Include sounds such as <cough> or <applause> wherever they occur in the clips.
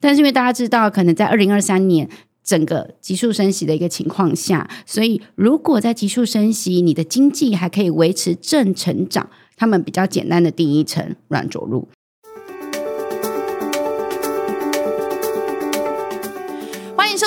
但是，因為大家知道，可能在二零二三年整個急速升息的一個情況下，所以如果在急速升息，你的經濟還可以維持正成長，他們比較簡單的定義成軟着陸。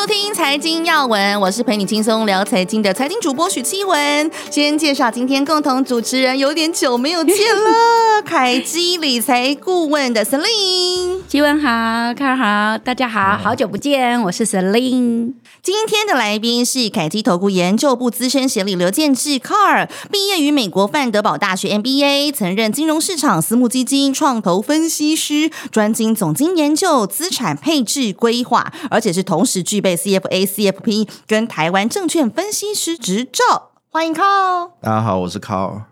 收聽財經要聞，我是陪你輕鬆聊財經的財經主播許娸雯。先介紹今天共同主持人，有點久沒有見了， <laughs> 凱基理財顧問的 Celine。娸雯好，卡爾好，大家好，好久不見，我是 Celine。今天的來賓是凱基投顧研究部資深協理劉建志，Carl 畢業於美國范德堡大學 MBA，曾任金融市場私募基金、創投分析師，專精總經研究、資產配置規劃，而且是同時具備。CFA、CFP 跟台灣證券分析師執照，歡迎 Carl 哦。大家好，我是 Carl。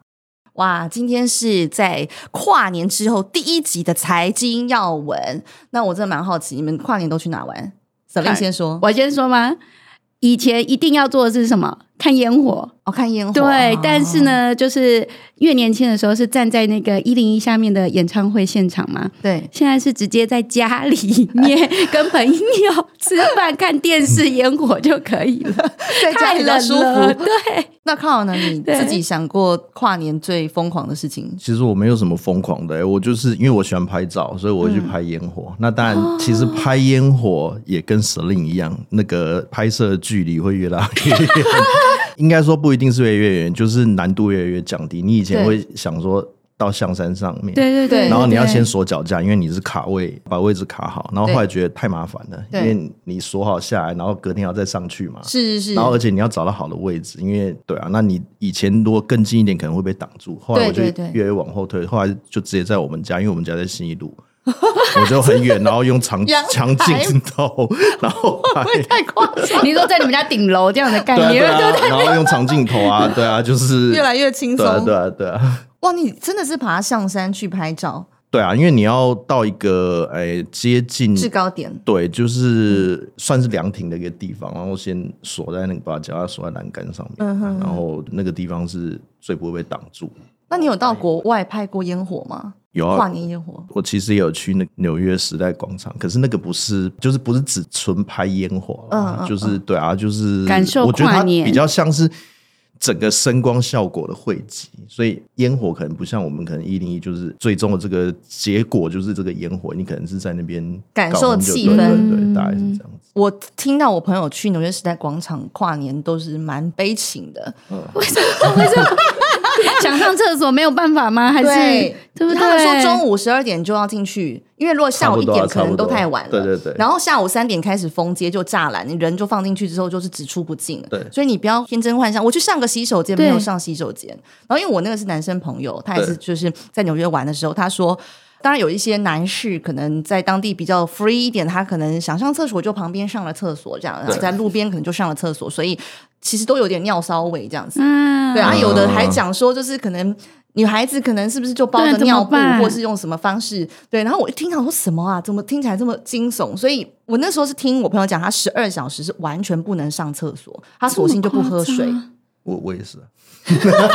哇，今天是在跨年之後第一集的財經要聞。那我真的蠻好奇，你們跨年都去哪玩？小麗看先說？我先說嗎？以前一定要做的是什麼？看煙火，哦，看煙火，對，但是呢，就是越年輕的時候是站在那個一零一下面的演唱會現場嘛，對，現在是直接在家裡面跟朋友吃飯看電視煙火就可以了，在家比較舒服。對，那 Carl 呢？你自己想過跨年最瘋狂的事情？其實我沒有什麼瘋狂的，我就是因為我喜歡拍照，所以我會去拍煙火。那當然，其實拍煙火也跟蛇令一樣，那個拍攝距離會越拉越遠。應該說不一定是越來越遠，就是難度越來越降低。你以前會想說到象山上面，對對，對對對，然後你要先鎖腳架，對對對，因為你是卡位，把位置卡好，然後後來覺得太麻煩了，對因為你鎖好下來，然後隔天要再上去嘛，是是是，然後而且你要找到好的位置，因為對啊，那你以前如果更近一點，可能會被擋住，後來我就越來越往後退，對對對，後來就直接在我們家，因為我們家在信義路。 <laughs> 我就很遠，然後用長台長鏡頭，然後不會太誇張。 <laughs> 你說在你們家頂樓這樣的概念，啊啊、 <laughs> 然後用長鏡頭啊，對啊，就是越來越輕鬆、啊，對啊，對啊。哇，你真的是爬上山去拍照？對啊，因為你要到一個哎、欸、接近制高點，對，就是算是涼亭的一個地方，然後先鎖在那個把腳鎖在欄杆上面，嗯、哼然後那個地方是最不會被擋住。那你有到國外拍過煙火嗎？有、啊、跨年煙火，我其實也有去那紐約時代廣場，可是那個不是，就是不是只純拍煙火，嗯，就是、嗯、對啊，就是感受跨年，比較像是整個聲光效果的匯集，所以煙火可能不像我們可能一零一，就是最終的這個結果就是這個煙火，你可能是在那邊感受氣氛，對、對、對、嗯、對，大概是這樣子。我聽到我朋友去紐約時代廣場跨年都是蠻悲情的，嗯、為什麼？為什麼？ <laughs> 想上廁所沒有辦法嗎？還是對，對不對？他們說中午十二點就要進去，因為如果下午一點可能都太晚了。啊、對對對。然後下午三點開始封街，就柵欄，你人就放進去之後就是只出不進了對所以你不要天真幻想，我去上個洗手間沒有上洗手間。對然後因為我那個是男生朋友，他也是就是在紐約玩的時候，他說，當然有一些男士可能在當地比較 free 一點，他可能想上廁所就旁邊上了廁所，這樣對然後在路邊可能就上了廁所，所以。其實都有點尿騷味這樣子，嗯、對啊，啊有的還講說就是可能女孩子可能是不是就包着尿布，或是用什麼方式？對，然後我一聽到說什麼啊？怎麼聽起來這麼驚悚？所以我那時候是聽我朋友講，他十二小時是完全不能上廁所，他索性就不喝水。 <laughs> 我我也是， <laughs> <laughs> 真的，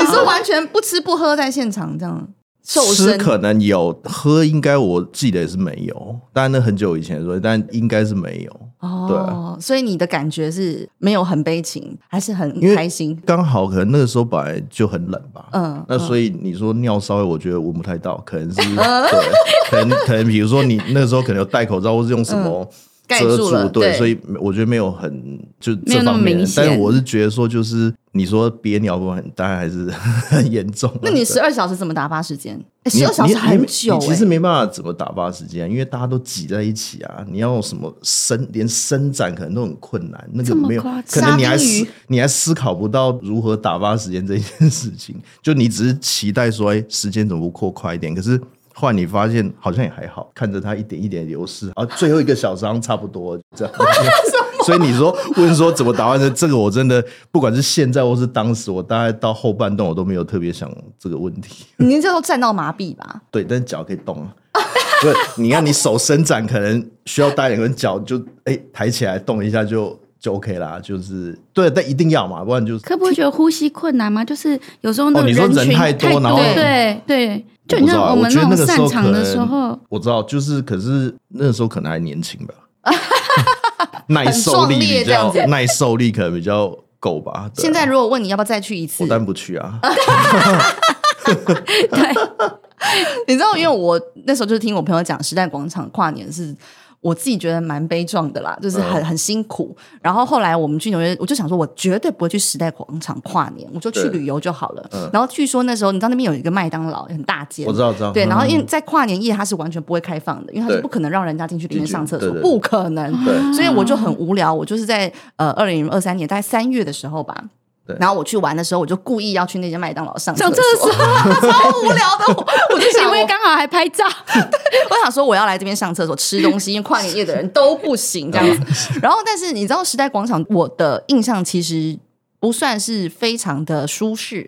你說完全不吃不喝在現場這樣？吃可能有，喝應該我記得也是沒有。當然那很久以前所以，但應該是沒有。對、啊哦，所以你的感覺是沒有很悲情，還是很開心。剛好可能那個時候本來就很冷吧，嗯，嗯，那所以你說尿騷味，我覺得聞不太到，可能是、嗯、對 <laughs> 可能，可能可能比如說你那個時候可能有戴口罩或是用什麼、嗯。遮住，遮住對，對，所以我覺得沒有很就沒有那麼明顯，但是我是覺得說，就是你說憋尿很，大還是很嚴重。那你十二小時怎麼打發時間？十二你、欸、小時很久、欸，你你你你其實沒辦法怎麼打發時間，因為大家都擠在一起啊，你要什麼伸，連伸展可能都很困難，那就、個、沒有，可能你還你還思考不到如何打發時間這件事情，就你只是期待說，哎、欸，時間怎麼不快一點？可是。後來你發現好像也還好，看着它一點一點的流失，啊，最後一個小時差不多這樣， <laughs> 麼所以你說問說怎麼打完的？這個我真的不管是現在或是當時，我大概到後半段我都沒有特別想這個問題。你這都站到麻痹吧？對，但腳可以動啊。對， <laughs> 你看你手伸展可能需要帶兩根腳就哎、欸、抬起來動一下就就 OK 啦，就是對，但一定要嘛，不然就是、可不會覺得呼吸困難嗎？聽就是有時候、哦、你說人太多，對對多後對。對你知道、啊對，像我們我覺得那個時候我知道，就是可是那個時候可能還年輕吧，耐受力比較耐受力可能比較夠吧。現在如果問你要不要再去一次，我但不去啊。 <laughs> 對 <laughs> 你知道，因為我那時候就是聽我朋友講，時代廣場跨年是。我自己覺得蠻悲壯的啦，就是很很辛苦。嗯、然後後來我們去紐約，我就想說，我絕對不會去時代廣場跨年，我就去旅遊就好了。嗯、然後據說那時候，你知道那邊有一個麥當勞很大間，我知道知道。對，嗯、然後因為在跨年夜它是完全不會開放的，因為它是不可能讓人家進去裡面上廁所，對不可能。對，對，所以我就很無聊，我就是在呃二零二三年大概三月的時候吧。對然後我去玩的時候，我就故意要去那間麥當勞上廁所， <laughs> 超無聊的。 <laughs> 我我就想我因為剛好還拍照， <laughs> 我想說我要來這邊上廁所吃東西，因為跨年夜的人都不行這樣子。 <laughs> 然後，但是你知道時代廣場，我的印象其實不算是非常的舒適。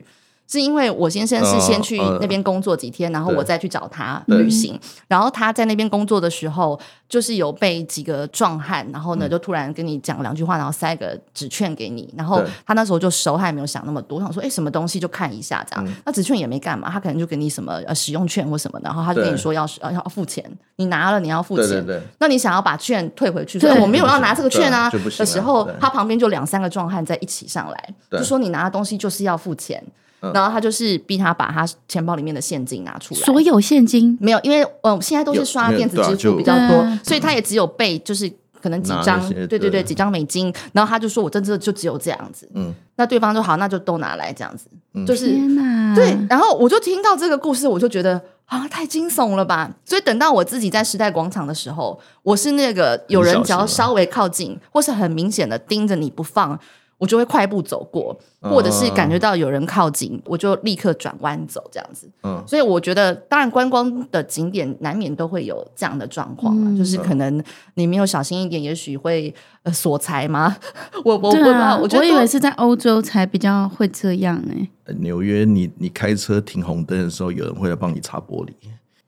是因為我先生是先去那邊工作幾天，然後我再去找他旅行。然後他在那邊工作的時候，就是有被幾個壯漢，然後呢就突然跟你講兩句話，然後塞個紙券給你。然後他那時候就熟，他也沒有想那麼多，想說哎什麼東西就看一下這樣。那紙券也沒幹嘛，他可能就給你什麼呃使用券或什麼，然後他就跟你說要要付錢，你拿了你要付錢。對對對，那你想要把券退回去？所以我沒有要拿這個券啊。的時候，他旁邊就兩三個壯漢在一起上來，就說你拿的東西就是要付錢。嗯、然後他就是逼他把他錢包裡面的現金拿出來，所有現金沒有，因為我現在都是刷電子支付比較多，啊、所以他也只有背，就是可能幾張，對，啊、對對對，幾張美金。然後他就說：“我真正的就只有這樣子。”嗯，那對方就好，那就都拿來這樣子。嗯，就是天哪，對。然後我就聽到這個故事，我就覺得啊，太驚悚了吧！所以等到我自己在時代廣場的時候，我是那個有人只要稍微靠近或是很明顯的盯着你不放。我就會快步走過，或者是感覺到有人靠近，哦、我就立刻轉彎走這樣子。嗯、哦，所以我覺得，當然觀光的景點難免都會有這樣的狀況，嗯、就是可能你沒有小心一點，也許會、呃、索財嗎？我我我，啊、我覺得我以為是在歐洲才比較會這樣哎、欸。紐約你，你你開車停紅燈的時候，有人會來幫你擦玻璃。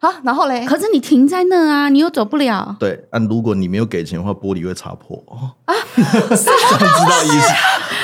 啊，然後嘞？可是你停在那啊，你又走不了。對，但、啊、如果你沒有給錢的話，玻璃會擦破。哦、啊， <laughs> 知道意思，啊、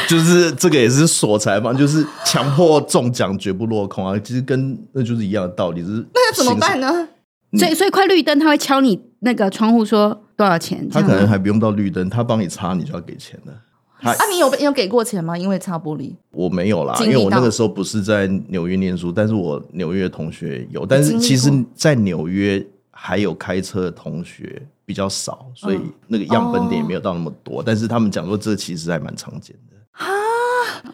就是 <laughs> 這個也是索財嘛，就是強迫中獎絕不落空啊。其實跟那就是一樣的道理，是。那要怎麼辦呢？你所以，所以快綠燈他會敲你那個窗戶說多少錢？他可能還不用到綠燈，他幫你擦，你就要給錢了。他啊，你有有給過錢嗎？因為擦玻璃，我沒有啦，因為我那個時候不是在紐約念書，但是我紐約的同學有，但是其實在紐約還有開車的同學比較少，所以那個樣本點也沒有到那麼多。哦、但是他們講說這其實還蠻常見的啊，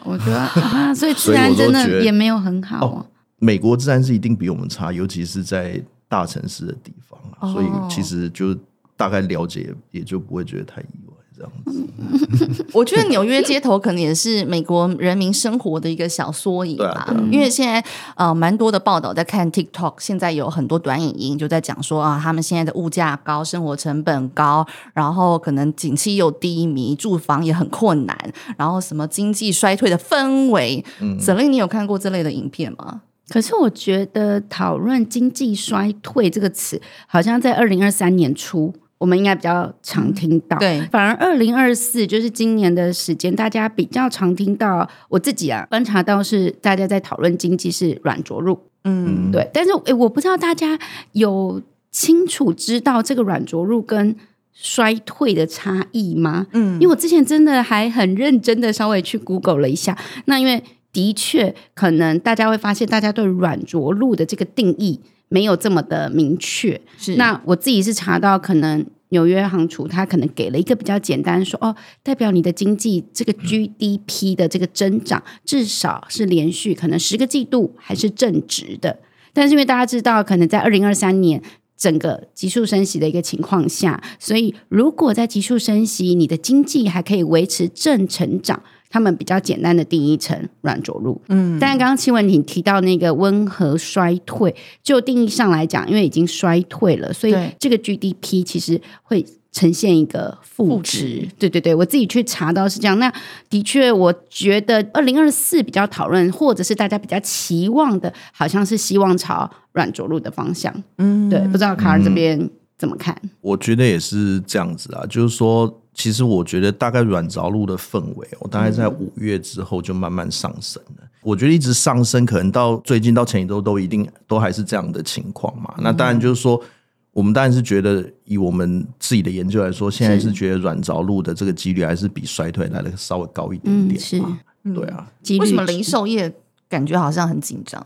我覺得啊，所以治安真的 <laughs> 也沒有很好，啊哦。美國治安是一定比我們差，尤其是在大城市的地方，哦、所以其實就大概了解也就不會覺得太意外。 <laughs> 我覺得紐約街頭可能也是美國人民生活的一個小縮影吧。因為現在呃，蠻多的報道在看 TikTok，現在有很多短影音就在講說啊，他們現在的物價高，生活成本高，然後可能景氣又低迷，住房也很困難，然後什麼經濟衰退的氛圍。嗯，沈類你有看過這類的影片嗎？可是我覺得討論經濟衰退這個詞，好像在二零二三年初。我們應該比較常聽到，對，反而二零二四就是今年的時間，大家比較常聽到。我自己啊，觀察到是大家在討論經濟是軟着陸，嗯，對。但是誒，我不知道大家有清楚知道這個軟着陸跟衰退的差異嗎？嗯，因為我之前真的還很認真的稍微去 Google 了一下，那因為的確可能大家會發現，大家對軟着陸的這個定義沒有這麼的明確。是，那我自己是查到可能。紐約行廚他可能給了一個比較簡單說哦，代表你的經濟這個 GDP 的這個增長至少是連續可能十個季度還是正值的。但是因為大家知道，可能在二零二三年整個急速升息的一個情況下，所以如果在急速升息，你的經濟還可以維持正成長，他們比較簡單的定義成軟着陸，嗯，但剛剛娸雯你提到那個溫和衰退，就定義上來講，因為已經衰退了，所以這個 GDP 其實會呈現一個負值，負值對對對，我自己去查到是這樣。那的確，我覺得二零二四比較討論，或者是大家比較期望的，好像是希望朝軟着陸的方向，嗯，對，不知道卡爾這邊怎麼看？嗯，我覺得也是這樣子啊，就是說。其實我覺得，大概軟着陸的氛圍，哦，我大概在五月之後就慢慢上升了。嗯、我覺得一直上升，可能到最近到前一周都一定都還是這樣的情況嘛。嗯、那當然就是說，我們當然是覺得，以我們自己的研究來說，現在是覺得軟着陸的這個幾率還是比衰退來得稍微高一點點。嗯。是，嗯、對啊。幾率。為什麼零售業感覺好像很緊張？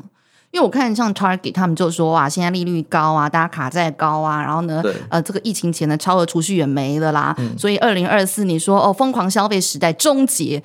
因為我看像 Target，他們就說啊，現在利率高啊，大家卡債高啊，然後呢，呃，這個疫情前的超額儲蓄也沒了啦，所以二零二四你說哦，瘋狂消費時代終結，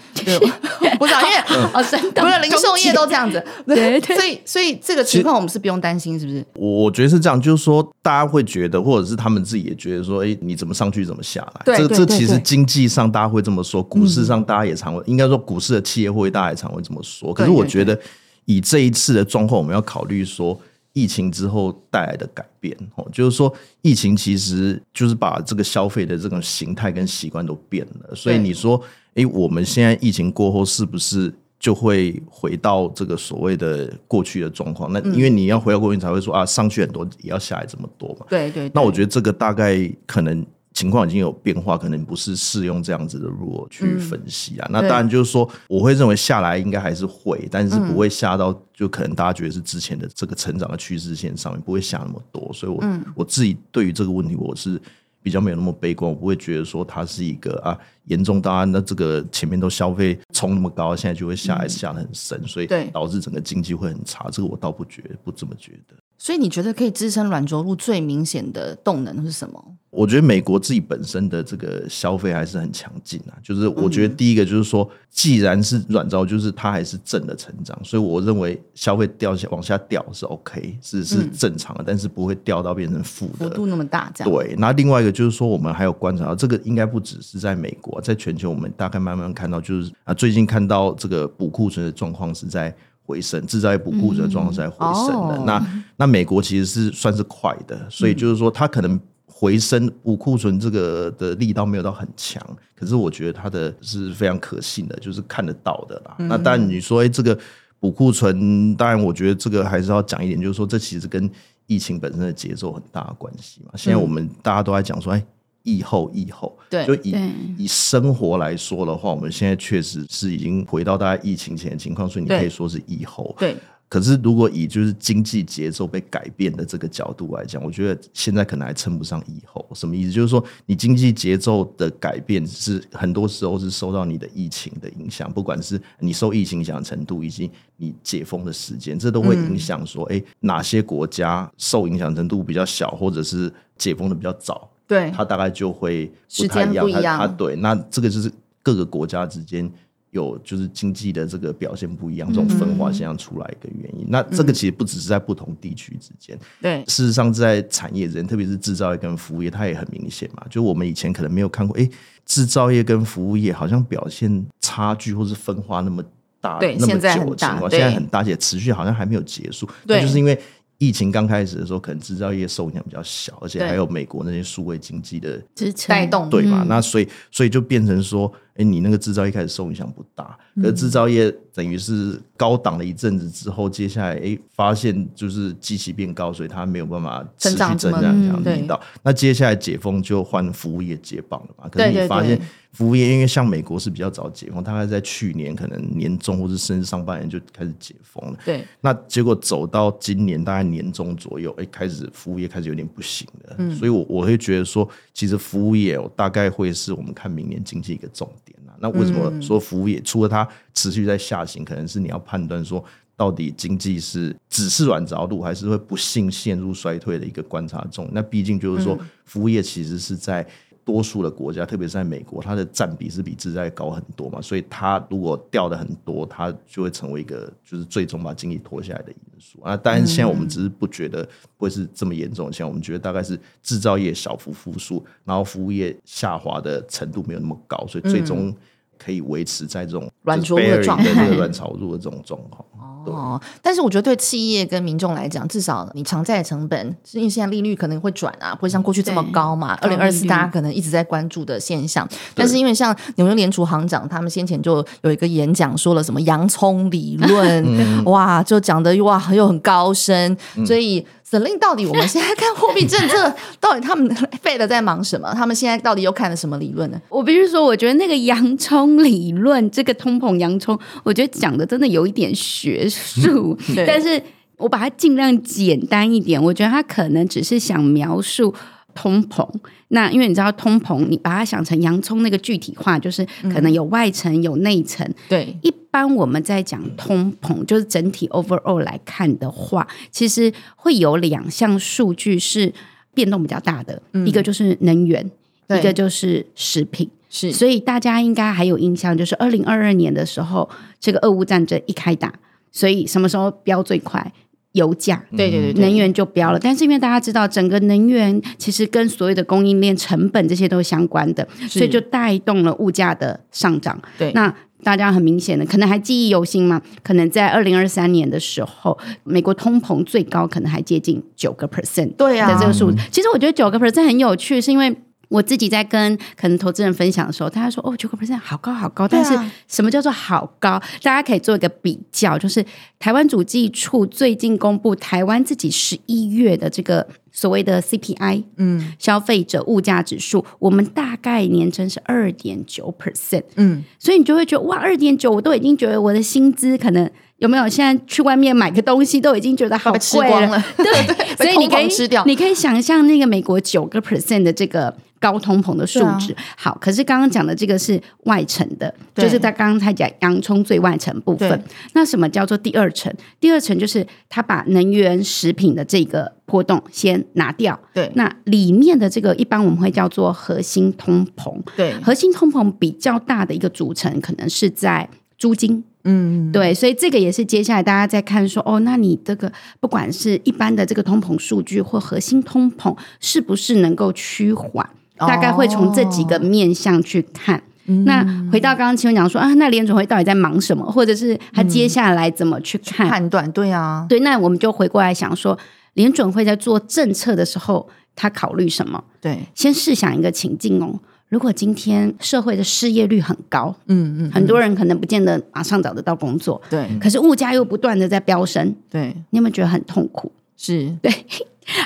我想因為啊，真的，除了零售業都這樣子， <laughs> 對，對，對 所以所以這個情況我們是不用擔心，是不是？我覺得是這樣，就是說大家會覺得，或者是他們自己也覺得說，哎，你怎麼上去怎麼下來？這這其實經濟上大家會這麼說，股市上大家也常會，應該說股市的企業會大家也常會這麼說，可是我覺得。以這一次的狀況，我們要考慮說疫情之後帶來的改變哦，就是說疫情其實就是把這個消費的這種形態跟習慣都變了，所以你說，哎，我們現在疫情過後是不是就會回到這個所謂的過去的狀況？那因為你要回到過去你才會說啊，上去很多也要下來這麼多嘛。對對。那我覺得這個大概可能。情況已經有變化，可能不是適用這樣子的 rule 去分析啊。嗯、那當然就是說，我會認為下來應該還是會，但是不會下到、嗯、就可能大家覺得是之前的這個成長的趨勢線上面不會下那麼多。所以我，我、嗯、我自己對於這個問題，我是比較沒有那麼悲觀，我不會覺得說它是一個啊嚴重，大家那這個前面都消費衝那麼高，現在就會下來下得很深，嗯、所以導致整個經濟會很差。這個我倒不覺得，不這麼覺得。所以你覺得可以支撐軟着陸最明顯的動能是什麼？我覺得美國自己本身的這個消費還是很強勁啊。就是我覺得第一個就是說，既然是軟着陸就是它還是正的成長，所以我認為消費掉下往下掉是 OK，是是正常的，但是不會掉到變成負的幅度那麼大。這樣對。那另外一個就是說，我們還有觀察到這個，應該不只是在美國，在全球，我們大概慢慢看到，就是啊，最近看到這個補庫存的狀況是在。自在回升，製造業補庫存狀態在回升的。嗯哦、那那美國其實是算是快的，所以就是說它可能回升補庫存這個的力道沒有到很強，可是我覺得它的是非常可信的，就是看得到的啦。嗯、那但你說，欸、這個補庫存，當然我覺得這個還是要講一點，就是說這其實跟疫情本身的節奏很大的關係嘛。現在我們大家都在講說，哎、欸。疫後，後，疫後對，就以，嗯、以生活來說的話，我們現在確實是已經回到大家疫情前的情況，所以你可以說是疫後對。對，可是如果以就是經濟節奏被改變的這個角度來講，我覺得現在可能還稱不上疫後。什麼意思？就是說你經濟節奏的改變是很多時候是受到你的疫情的影響，不管是你受疫情影響的程度，以及你解封的時間，這都會影響說，哎、嗯，哪些國家受影響程度比較小，或者是解封的比較早。對，它大概就會不太不一樣，它,它,它,它對，那這個就是各個國家之間有就是經濟的這個表現不一樣，嗯嗯這種分化現象出來的原因。嗯嗯那這個其實不只是在不同地區之間，嗯、對，事實上在產業之間，特別是制造業跟服務業，它也很明顯嘛。就我們以前可能沒有看過，哎，制造業跟服務業好像表現差距或是分化那麼大，對，那麼久的情況，現在很大，現在很大，而且持續好像還沒有結束，對，就是因為。疫情剛開始的時候，可能製造業受影響比較小，而且還有美國那些數位經濟的帶對動，對嘛吧？嗯、那所以，所以就變成說，哎、欸，你那個製造業開始受影響不大，可是製造業等於是高檔了一陣子之後，嗯、接下來，哎、欸，發現就是基期變高，所以它沒有辦法持續增長，長嗯、這樣引導。嗯、那接下來解封就換服務業接棒了嘛？可是你發現。對對對服務業因為像美國是比較早解封，大概在去年可能年中，或者甚至上半年就開始解封了。對，那結果走到今年大概年中左右，哎、欸，開始服務業開始有點不行了。嗯、所以我我會覺得說，其實服務業大概會是我們看明年經濟一個重點、啊、那為什麼說服務業、嗯、除了它持續在下行，可能是你要判斷說到底經濟是只是軟着陸，還是會不幸陷入衰退的一個觀察重點？那畢竟就是說，服務業其實是在。嗯多數的國家，特別是在美國，它的占比是比製造業高很多嘛，所以它如果掉的很多，它就會成為一個就是最終把經濟拖下來的因素啊。當然，現在我們只是不覺得不會是這麼嚴重，現在我們覺得大概是製造業小幅復甦，然後服務業下滑的程度沒有那麼高，所以最終、嗯。可以維持在這種軟着陸的狀態，軟着陸的這種狀況。哦，但是我覺得對企業跟民眾來講，至少你償債成本，因為現在利率可能會轉啊，不會像過去這麼高嘛。二零二四大家可能一直在關注的現象，但是因為像紐約聯儲行長他們先前就有一個演講，說了什麼洋蔥理論， <laughs> 嗯、哇，就講的哇又很高深，所以。嗯指令到底？我們現在看貨幣政策到底他們 Fed 在忙什麼？他們現在到底又看了什麼理論呢？我必須說，我覺得那個洋蔥理論，這個通膨洋蔥，我覺得講的真的有一點學術， <laughs> 但是我把它盡量簡單一點。我覺得他可能只是想描述。通膨，那因為你知道通膨，你把它想成洋蔥那個具體化，就是可能有外層、嗯、有內層。對，一般我們在講通膨，就是整體 overall 來看的話，其實會有兩項數據是變動比較大的，嗯、一個就是能源，對一個就是食品。是，所以大家應該還有印象，就是二零二二年的時候，這個俄烏戰爭一開打，所以什麼時候飆最快？油價對對對，對，能源就飆了。但是因為大家知道，整個能源其實跟所有的供應鏈成本這些都相關的，是所以就帶動了物價的上漲。對，那大家很明顯的可能還記憶猶新嘛？可能在二零二三年的時候，美國通膨最高可能還接近九個 percent。對呀，這個數、啊、其實我覺得九個 percent 很有趣，是因為。我自己在跟可能投資人分享的時候，大家說哦，九個 percent 好高好高，啊、但是什麼叫做好高？大家可以做一個比較，就是台灣主計處最近公布台灣自己十一月的這個。所謂的 CPI，嗯，消費者物價指數，我們大概年增是二點九 percent，嗯，所以你就會覺得哇，二點九，我都已經覺得我的薪資可能有沒有？現在去外面買個東西都已經覺得好吃光了，對， <laughs> 對，所以你可以空空吃掉，你可以想象那個美國九個 percent 的這個高通膨的數值。啊、好，可是剛剛講的這個是外層的，對就是在剛剛才講洋蔥最外層部分。對那什麼叫做第二層？第二層就是他把能源、食品的這個波動先拿掉對，那裡面的這個一般我們會叫做核心通膨，對，核心通膨比較大的一個組成可能是在租金，嗯，對，所以這個也是接下來大家在看說，哦，那你這個不管是一般的這個通膨數據或核心通膨是不是能夠趨緩？哦、大概會從這幾個面向去看。嗯、那回到剛剛娸雯講說，啊，那聯準會到底在忙什麼，或者是他接下來怎麼去看、嗯、判斷？對啊，對，那我們就回過來想說。聯準會在做政策的時候，他考慮什麼？對，先試想一個情境哦，如果今天社會的失業率很高，嗯，嗯嗯，很多人可能不見得馬上找得到工作，對，可是物價又不斷的在飆升，對，你有沒有覺得很痛苦？對，是，對。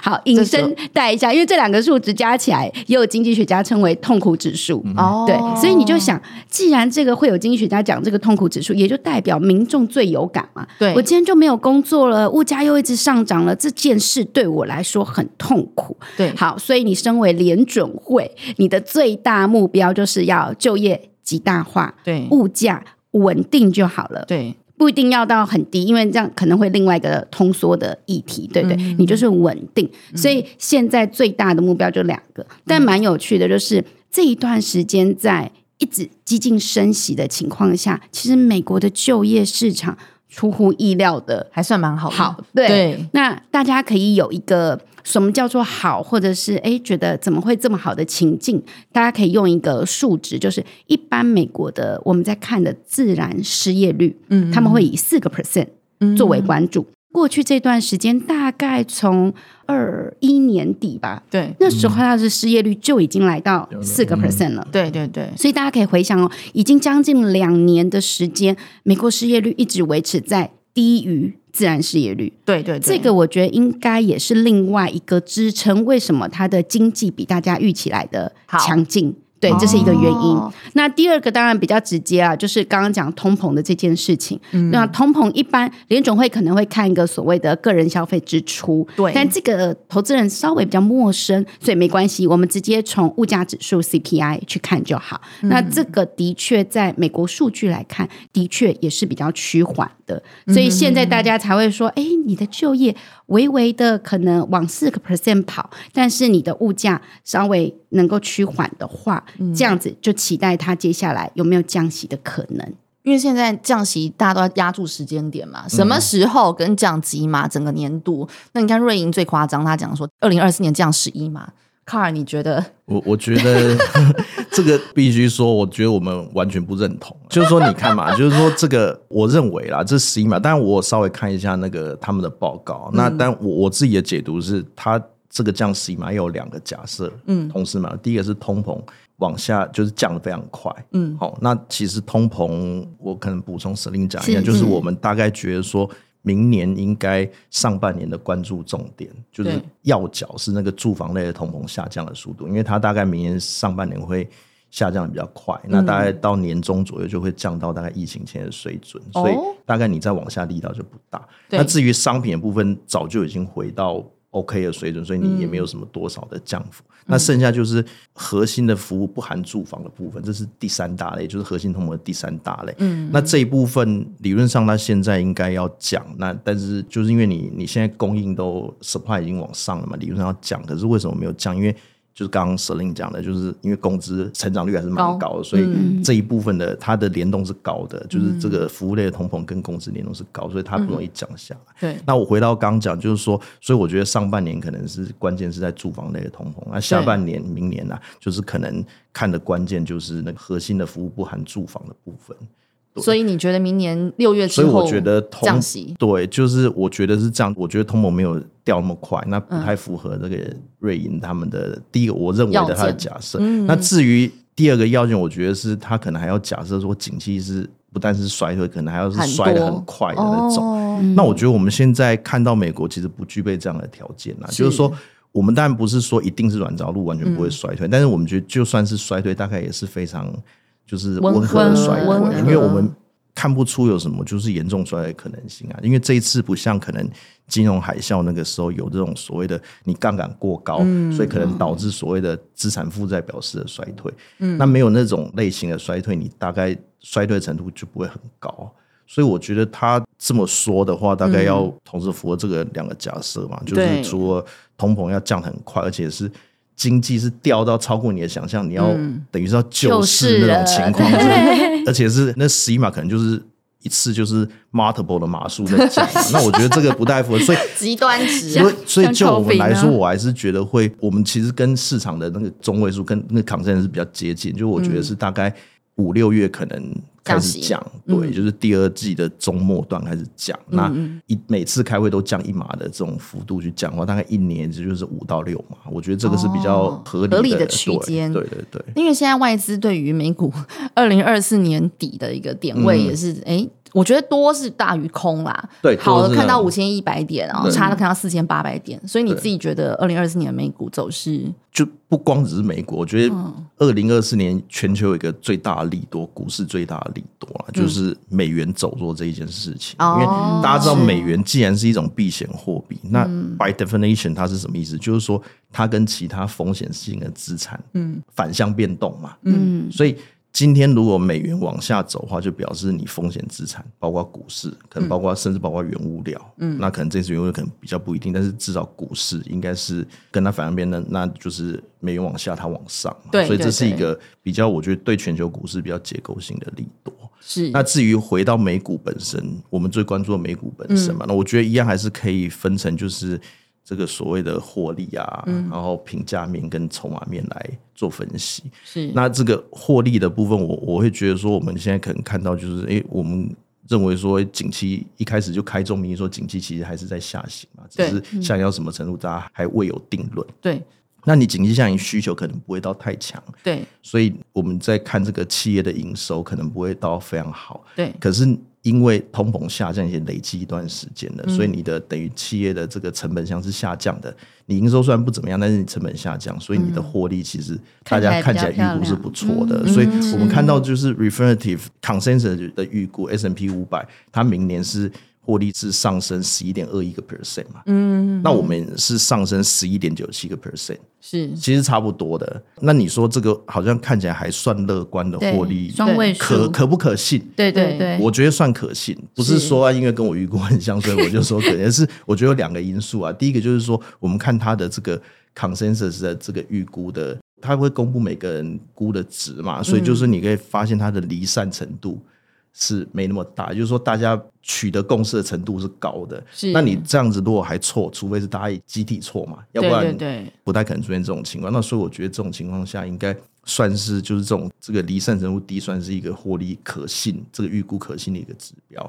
好，引申帶一下，因為這兩個數值加起來，也有經濟學家稱為痛苦指數。哦、嗯，對，所以你就想，既然這個會有經濟學家講這個痛苦指數，也就代表民眾最有感嘛。對，我今天就沒有工作了，物價又一直上漲了，這件事對我來說很痛苦。對，好，所以你身為聯準會，你的最大目標就是要就業極大化，對，物價穩定就好了。對。不一定要到很低，因為這樣可能會另外一個通縮的議題，對不對？嗯、你就是穩定，嗯、所以現在最大的目標就兩個。但蠻有趣的，就是、嗯、這一段時間在一直激進升息的情況下，其實美國的就業市場出乎意料的還算蠻好。好，對，對，那大家可以有一個。什麼叫做好，或者是哎、欸，覺得怎麼會這麼好的情境？大家可以用一個數值，就是一般美國的我們在看的自然失業率，嗯、嗯，他們會以四個 percent 作為關注。嗯嗯過去這段時間，大概從二一年底吧，對，那時候它的失業率就已經來到四個 percent 了，對對對。嗯、所以大家可以回想哦，已經將近兩年的時間，美國失業率一直維持在低於。自然失業率，對，對對，這個我覺得應該也是另外一個支撐。為什麼它的經濟比大家預期來的強勁？好。對，這是一個原因。哦、那第二個當然比較直接啊，就是剛剛講通膨的這件事情。那、嗯、通膨一般聯準會可能會看一個所謂的個人消費支出，對，但這個投資人稍微比較陌生，所以沒關係，我們直接從物價指數 CPI 去看就好。嗯、那這個的確在美國數據來看，的確也是比較趨緩的，所以現在大家才會說，哎、嗯，你的就業微微的可能往四個 percent 跑，但是你的物價稍微。能夠趨緩的話，嗯、這樣子就期待他接下來有沒有降息的可能？嗯、因為現在降息大家都要壓住時間點嘛，什麼時候跟降息嘛？嗯、整個年度，那你看瑞銀最誇張，他講說二零二四年降十一嘛。卡爾，你覺得？我我覺得 <laughs> <laughs> 這個必須說，我覺得我們完全不認同。 <laughs> 就是說，你看嘛，就是說這個，我認為啦，這十一嘛，當然我稍微看一下那個他們的報告，嗯、那但我我自己的解讀是，他。這個降息嘛，有兩個假設。嗯，同時嘛，第一個是通膨往下，就是降得非常快。嗯，好、哦，那其實通膨我可能補充司令講一下，是就是我們大概覺得說明年應該上半年的關注重點是、嗯、就是要角是那個住房類的通膨下降的速度，對因為它大概明年上半年會下降得比較快，嗯、那大概到年中左右就會降到大概疫情前的水準，哦、所以大概你再往下力道就不大。對那至於商品的部分，早就已經回到。OK 的水準，所以你也沒有什麼多少的降幅。嗯、那剩下就是核心的服務不含住房的部分，嗯、這是第三大類，就是核心通膨的第三大類。嗯嗯，那這一部分理論上它現在應該要降，那但是就是因為你你現在供應都 supply 已經往上了嘛，理論上要降，可是為什麼沒有降？因為就是剛剛舍令講的，就是因為工資成長率還是蠻高的，高嗯、所以這一部分的它的聯動是高的，就是這個服務類的通膨跟工資聯動是高，所以它不容易降下來。嗯、對，那我回到剛講，就是說，所以我覺得上半年可能是關鍵是在住房類的通膨，那下半年對明年呢、啊，就是可能看的關鍵就是那個核心的服務不含住房的部分。所以你覺得明年六月之後降息？所以我覺得通，對，就是我覺得是這樣。我覺得通膨沒有掉那麼快，那不太符合這個瑞銀他們的、嗯、第一個我認為的他的假設。嗯、那至於第二個要件，我覺得是他可能還要假設說，景氣是不但是衰退，可能還要是衰得很快的那種。哦、那我覺得我們現在看到美國其實不具備這樣的條件了，是就是說我們當然不是說一定是軟着陸，完全不會衰退，嗯、但是我們覺得就算是衰退，大概也是非常。就是溫和的衰退，和因為我們看不出有什麼就是嚴重衰退的可能性啊。因為這一次不像可能金融海嘯那個時候有這種所謂的你槓桿過高，所以可能導致所謂的資產負債表式的衰退。那沒有那種類型的衰退，你大概衰退程度就不會很高。所以我覺得他這麼說的話，大概要同時符合這個兩個假設嘛，就是說通膨要降得很快，而且是。經濟是掉到超過你的想象，你要、嗯、等於是要救市那種情況，而且是那十一碼可能就是一次就是 multiple 的碼數在漲，對那我覺得這個不太符合， <laughs> 所以極端值、啊。所以所以就我們來說，我還是覺得會，我們其實跟市場的那個中位數跟那個抗 n 是比較接近，就我覺得是大概、嗯、五六月可能。開始降，嗯、對，就是第二季的中末段開始降。嗯、那一每次開會都降一碼的這種幅度去降的話，大概一年這就是五到六碼，我覺得這個是比較合理，哦、合理的區間。對對對，因為現在外資對於美股二零二四年底的一個點位也是、嗯欸我覺得多是大於空啦，對，好的，看到五千一百點，然後差的看到四千八百點，所以你自己覺得二零二四年的美股走勢，就不光只是美股，我覺得二零二四年全球有一個最大的利多，股市最大的利多啊，就是美元走弱這一件事情，因為大家知道美元既然是一種避險貨幣，那 by definition 它是什麼意思？就是說它跟其他風險性的資產，嗯，反向變動嘛，嗯，所以。今天如果美元往下走的話，就表示你風險資產，包括股市，可能包括、嗯、甚至包括原物料，嗯，那可能這次原物料可能比較不一定，但是至少股市應該是跟它反向變動，那就是美元往下它往上嘛，對，對，對，所以這是一個比較，我覺得對全球股市比較結構性的利多。是那至於回到美股本身，我們最關注的美股本身嘛，嗯、那我覺得一樣還是可以分成就是。這個所謂的獲利啊，嗯、然後評價面跟籌碼面來做分析。是那這個獲利的部分我，我我會覺得說，我們現在可能看到就是，誒我們認為說，景氣一開始就開中，明說景氣其實還是在下行嘛，對只是下行到什麼程度，大家還未有定論。對，那你景氣下行需求可能不會到太強。對，所以我們在看這個企業的營收可能不會到非常好。對，可是。因為通膨下降也累積一段時間了，嗯、所以你的等於企業的這個成本項是下降的。你營收雖然不怎麼樣，但是你成本下降，所以你的獲利其實大家看起來預估是不錯的。嗯嗯、所以我們看到就是 Refinitiv consensus 的預估 S&P 500，它明年是。獲利是上升十一點二一個 percent 嘛嗯？嗯，那我們是上升十一點九七個 percent，是其實差不多的。那你說這個好像看起來還算樂觀的獲利，雙位數可可不可信？對對對，我覺得算可信，不是說、啊、因為跟我預估很像，所以我就說可信，可是我覺得有兩個因素啊。 <laughs> 第一個就是說，我們看它的這個 consensus 的這個預估的，他會公布每個人估的值嘛，所以就是你可以發現它的離散程度。嗯是沒那麼大，就是說大家取得共識的程度是高的。那是你這樣子如果還錯，除非是大家集體錯嘛，要不然不太可能出現這種情況。對對對，那所以我覺得這種情況下，應該算是就是這種這個離散程度低，算是一個獲利可信、這個預估可信的一個指標。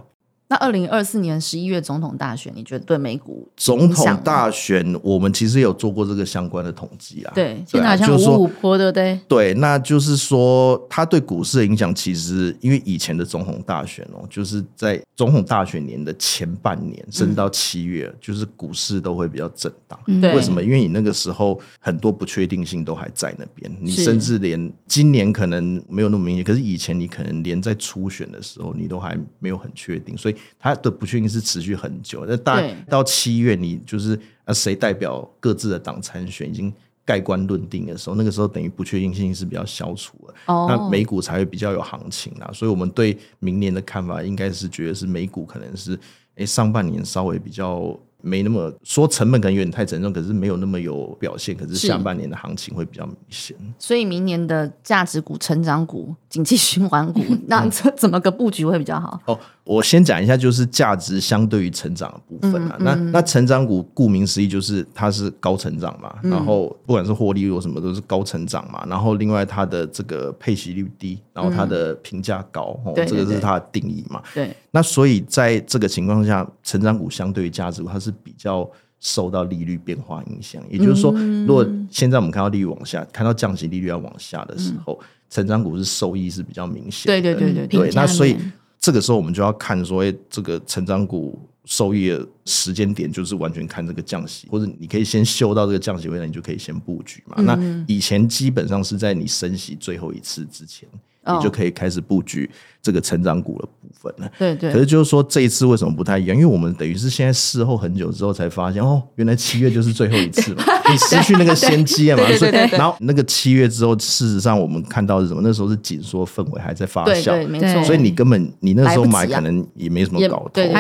那二零二四年十一月總統大選，你覺得對美股？總統大選，我們其實有做過這個相關的統計啊。對啊。對，現在好像五五波，對不對？對，那就是說，它對股市的影響，其實因為以前的總統大選哦，就是在總統大選年的前半年，甚至到七月，嗯。就是股市都會比較震盪。嗯，對。為什麼？因為你那個時候很多不確定性都還在那邊。你甚至連今年可能沒有那麼明顯，是。可是以前你可能連在初選的時候，你都還沒有很確定，所以。它的不確定是持續很久，那大到七月，你就是啊、誰代表各自的黨參選，已經蓋棺論定的時候，那個時候等於不確定性是比較消除了，oh. 那美股才會比較有行情啊。所以，我們對明年的看法應該是，覺得是美股可能是、欸，上半年稍微比較沒那麼說成本可能有點太沉重，可是沒有那麼有表現，可是下半年的行情會比較明顯。所以，明年的價值股、成長股、景氣循環股，那怎怎麼個布局會比較好？嗯、哦。我先講一下，就是價值相對於成長的部分啊。那那成長股顧名思義就是它是高成長嘛，然後不管是獲利率或什麼都是高成長嘛。然後另外它的這個配息率低，然後它的評價高，這個是它的定義嘛。對。那所以在這個情況下，成長股相對於價值它是比較受到利率變化影響。也就是說，如果現在我們看到利率往下，看到降息利率要往下的時候，成長股是受益是比較明顯。對對對對。對。那所以。這個時候我們就要看說，哎，這個成長股受益的時間點就是完全看這個降息，或者你可以先嗅到這個降息位，你就可以先布局嘛。嗯、那以前基本上是在你升息最後一次之前，你就可以開始布局這個成長股的部分了。對對。可是就是說這一次為什麼不太一樣？因為我們等於是現在事後很久之後才發現，哦，原來七月就是最後一次嘛。你失去那個先機了嘛。對對對。所以然後那個七月之後，事實上我們看到的是什麼？那時候是緊縮氛圍還在發酵，沒錯。所以你根本你那時候買可能也沒什麼搞頭。對，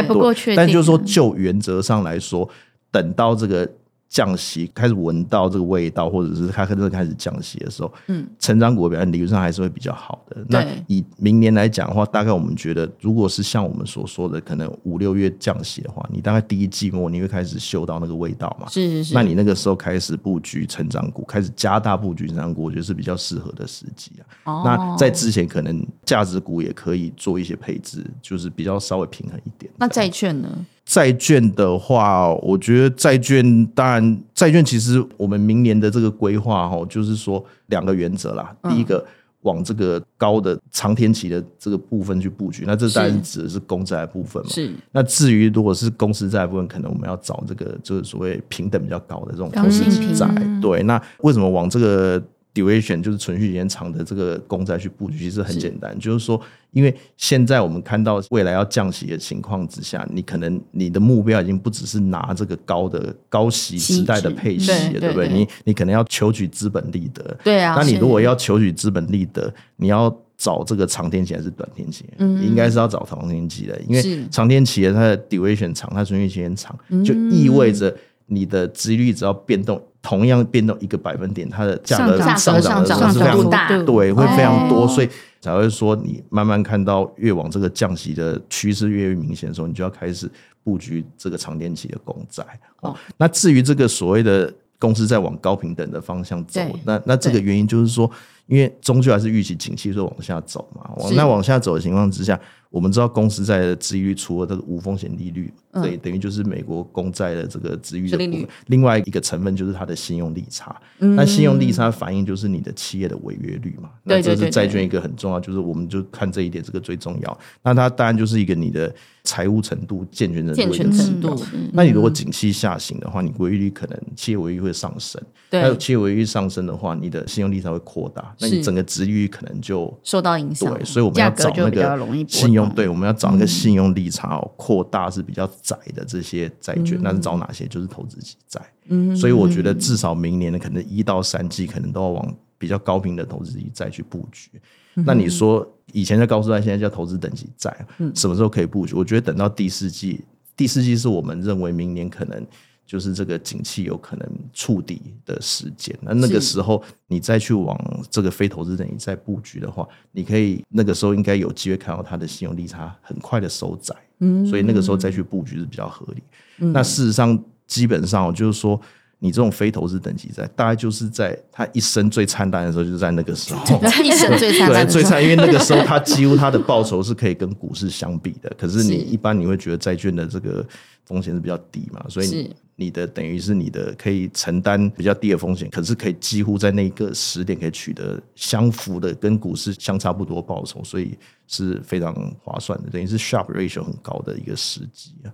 但就是說，就原則上來說，等到這個，降息開始聞到這個味道，或者是開始，開始降息的時候，嗯，成長股表現理論上還是會比較好的。對 那以明年來講的話，大概我們覺得，如果是像我們所說的，可能五六月降息的話，你大概第一季末你會開始嗅到那個味道嘛？是是是。那你那個時候開始佈局成長股，開始加大佈局成長股，我覺得是比較適合的時機啊。哦。那在之前，可能價值股也可以做一些配置，就是比較稍微平衡一點。那債券呢？債券的話，我覺得債券當然，債券其實我們明年的這個規劃哦，就是說兩個原則啦。哦、第一個往這個高的長天期的這個部分去布局，那這當然指的是公債部分嘛。是 那至於如果是公司債部分，可能我們要找這個就是所謂評等比較高的這種公司債。嗯、對。那為什麼往這個？duration 就是存續時間長的這個公債去布局其實很簡單，就是說，因為現在我們看到未來要降息的情況之下，你可能你的目標已經不只是拿這個高的高息時代的配息，對不對？你你可能要求取資本利得，那你如果要求取資本利得，你要找這個長天期還是短天期？應該是要找長天期的，因為長天期的它的 duration 長，它存續時間長，就意味着你的殖利率只要變動。同樣變到一個百分點，它的價格上漲的上非常大，漲對,對，會非常多，哎、所以才會說你慢慢看到越往這個降息的趨勢越明顯的時候，你就要開始布局這個長天期的公債、哦、那至於這個所謂的公司在往高評等的方向走，對那那這個原因就是說，因為終究還是預期景氣會往下走嘛，往那往下走的情況之下。我們知道，公司債的殖利率除了它的無風險利率，對，等於就是美國公債的這個殖利率的部分。另外一個成分就是它的信用利差。那信用利差反映就是你的企業的違約率嘛？對對對。這是債券一個很重要，就是我們就看這一點，這個最重要。那它當然就是一個你的財務程度健全程度。健全程度。那你如果景氣下行的話，你違約率可能企業違約會上升。對。還有企業違約率上升的話，你的信用利差會擴大，那你整個殖利率可能就受到影響。對，所以我們要找那個信用。對，我們要找一個信用利差擴大是比較窄的這些債券，嗯、那是找哪些？就是投資級債。嗯、所以我覺得至少明年可能一到三季，可能都要往比較高頻的投資級債去布局。嗯、那你說以前叫高收益，現在叫投資等級債，嗯、什麼時候可以布局？我覺得等到第四季，第四季是我們認為明年可能，就是這個景氣有可能觸底的時間，那那個時候你再去往這個非投資等級再布局的話，是你可以那個時候應該有機會看到它的信用利差很快的收窄，嗯，嗯，嗯，所以那個時候再去布局是比較合理。嗯嗯，那事實上，基本上就是說。你這種非投資等級債，大概就是在他一生最燦爛的時候，就是在那個時候， <laughs> 一生最燦爛的時候，對對對，最燦爛，因為那個時候他幾乎他的報酬是可以跟股市相比的。可是你一般你會覺得債券的這個風險是比較低嘛？所以你的等於是你的可以承擔比較低的風險，可是可以幾乎在那個時點可以取得相符的跟股市相差不多報酬，所以是非常划算的，等於是 sharp ratio 很高的一個時機啊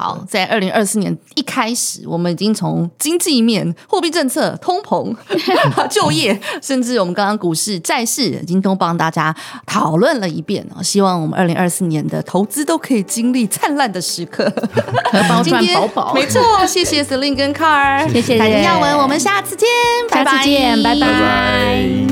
好，在二零二四年一開始，我們已經從經濟面、貨幣政策、通膨、 <laughs> 就業，甚至我們剛剛股市、債市，已經都幫大家討論了一遍。希望我們二零二四年的投資都可以經歷燦爛的時刻，荷包賺飽飽。沒錯，謝謝 Selina 跟 Carl，謝謝大家。耀文，我們下次見，拜拜，下次見，拜拜。